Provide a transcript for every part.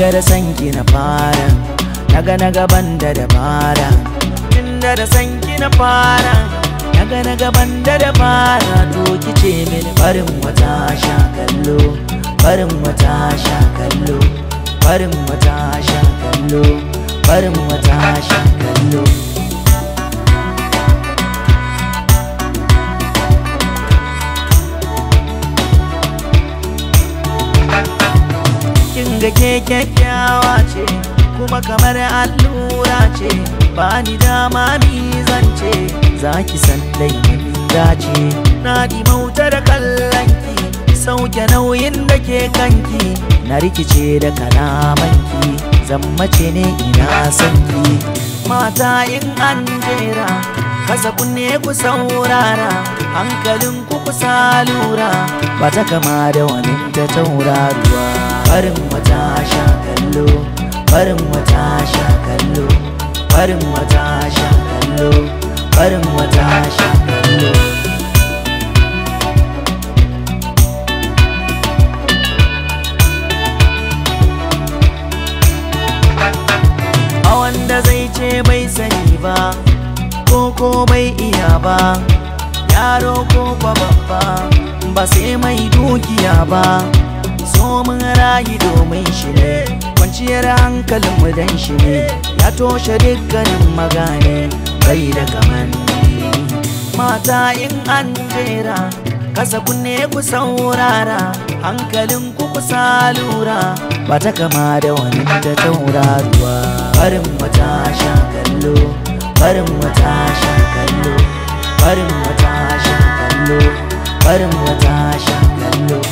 Kinga da sanki na fara Naga na gaban da dabara Kinga da sanki na fara Naga na gaban da dabara To kice mini barin wata sha kallo Barin wata sha kallo Barin wata sha kallo Barin wata sha kallo ga ke kyakkyawa ce kuma kamar allura ce ba ni dama mi zance za ki san laifin dace na da kallonki sauke nauyin da ke kanki na rikice da kalamanki mace ne ina sanki mata in an jera kasa kunne ku saurara hankalin ku kusa lura ba ta kama da wani ta tauraruwa farin mata sha kallo farin mata sha kallo farin mata sha kallo farin mata sha kallo a wanda zai ce bai sani ba ko ko bai iya ba yaro ko babba ba sai mai dukiya ba so mun rayu domin shi ne kwanciyar mu dan shi ne ya toshe dukkanin magane bai da kamani. mata in an jera kasa kunne ku saurara hankalin ku kusa lura ba ta kama da wani ta tauraruwa barin mata sha kallo barin mata sha kallo barin mata sha kallo barin mata sha kallo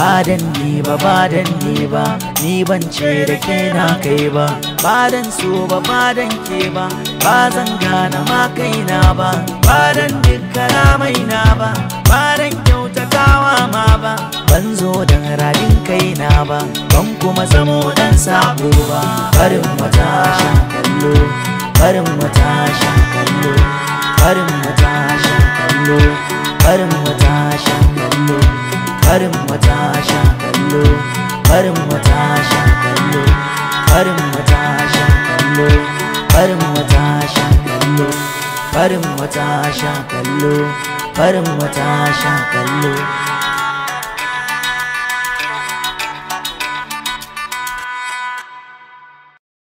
ba dan ni ba ba dan ni ba ni ban ce da ke na kai ba ba dan so ba ba dan ke ba ba zan gana ma kaina ba ba dan dukkana maina ba ba dan kyautatawa ma ba ban zo dan radin kaina ba ban kuma zamo dan sabo ba barin wata shan kallo barin wata kallo barin wata kallo barin wata kallo farin wata sha kallo farin wata sha kallo farin wata sha kallo farin wata sha kallo farin wata sha kallo farin wata sha kallo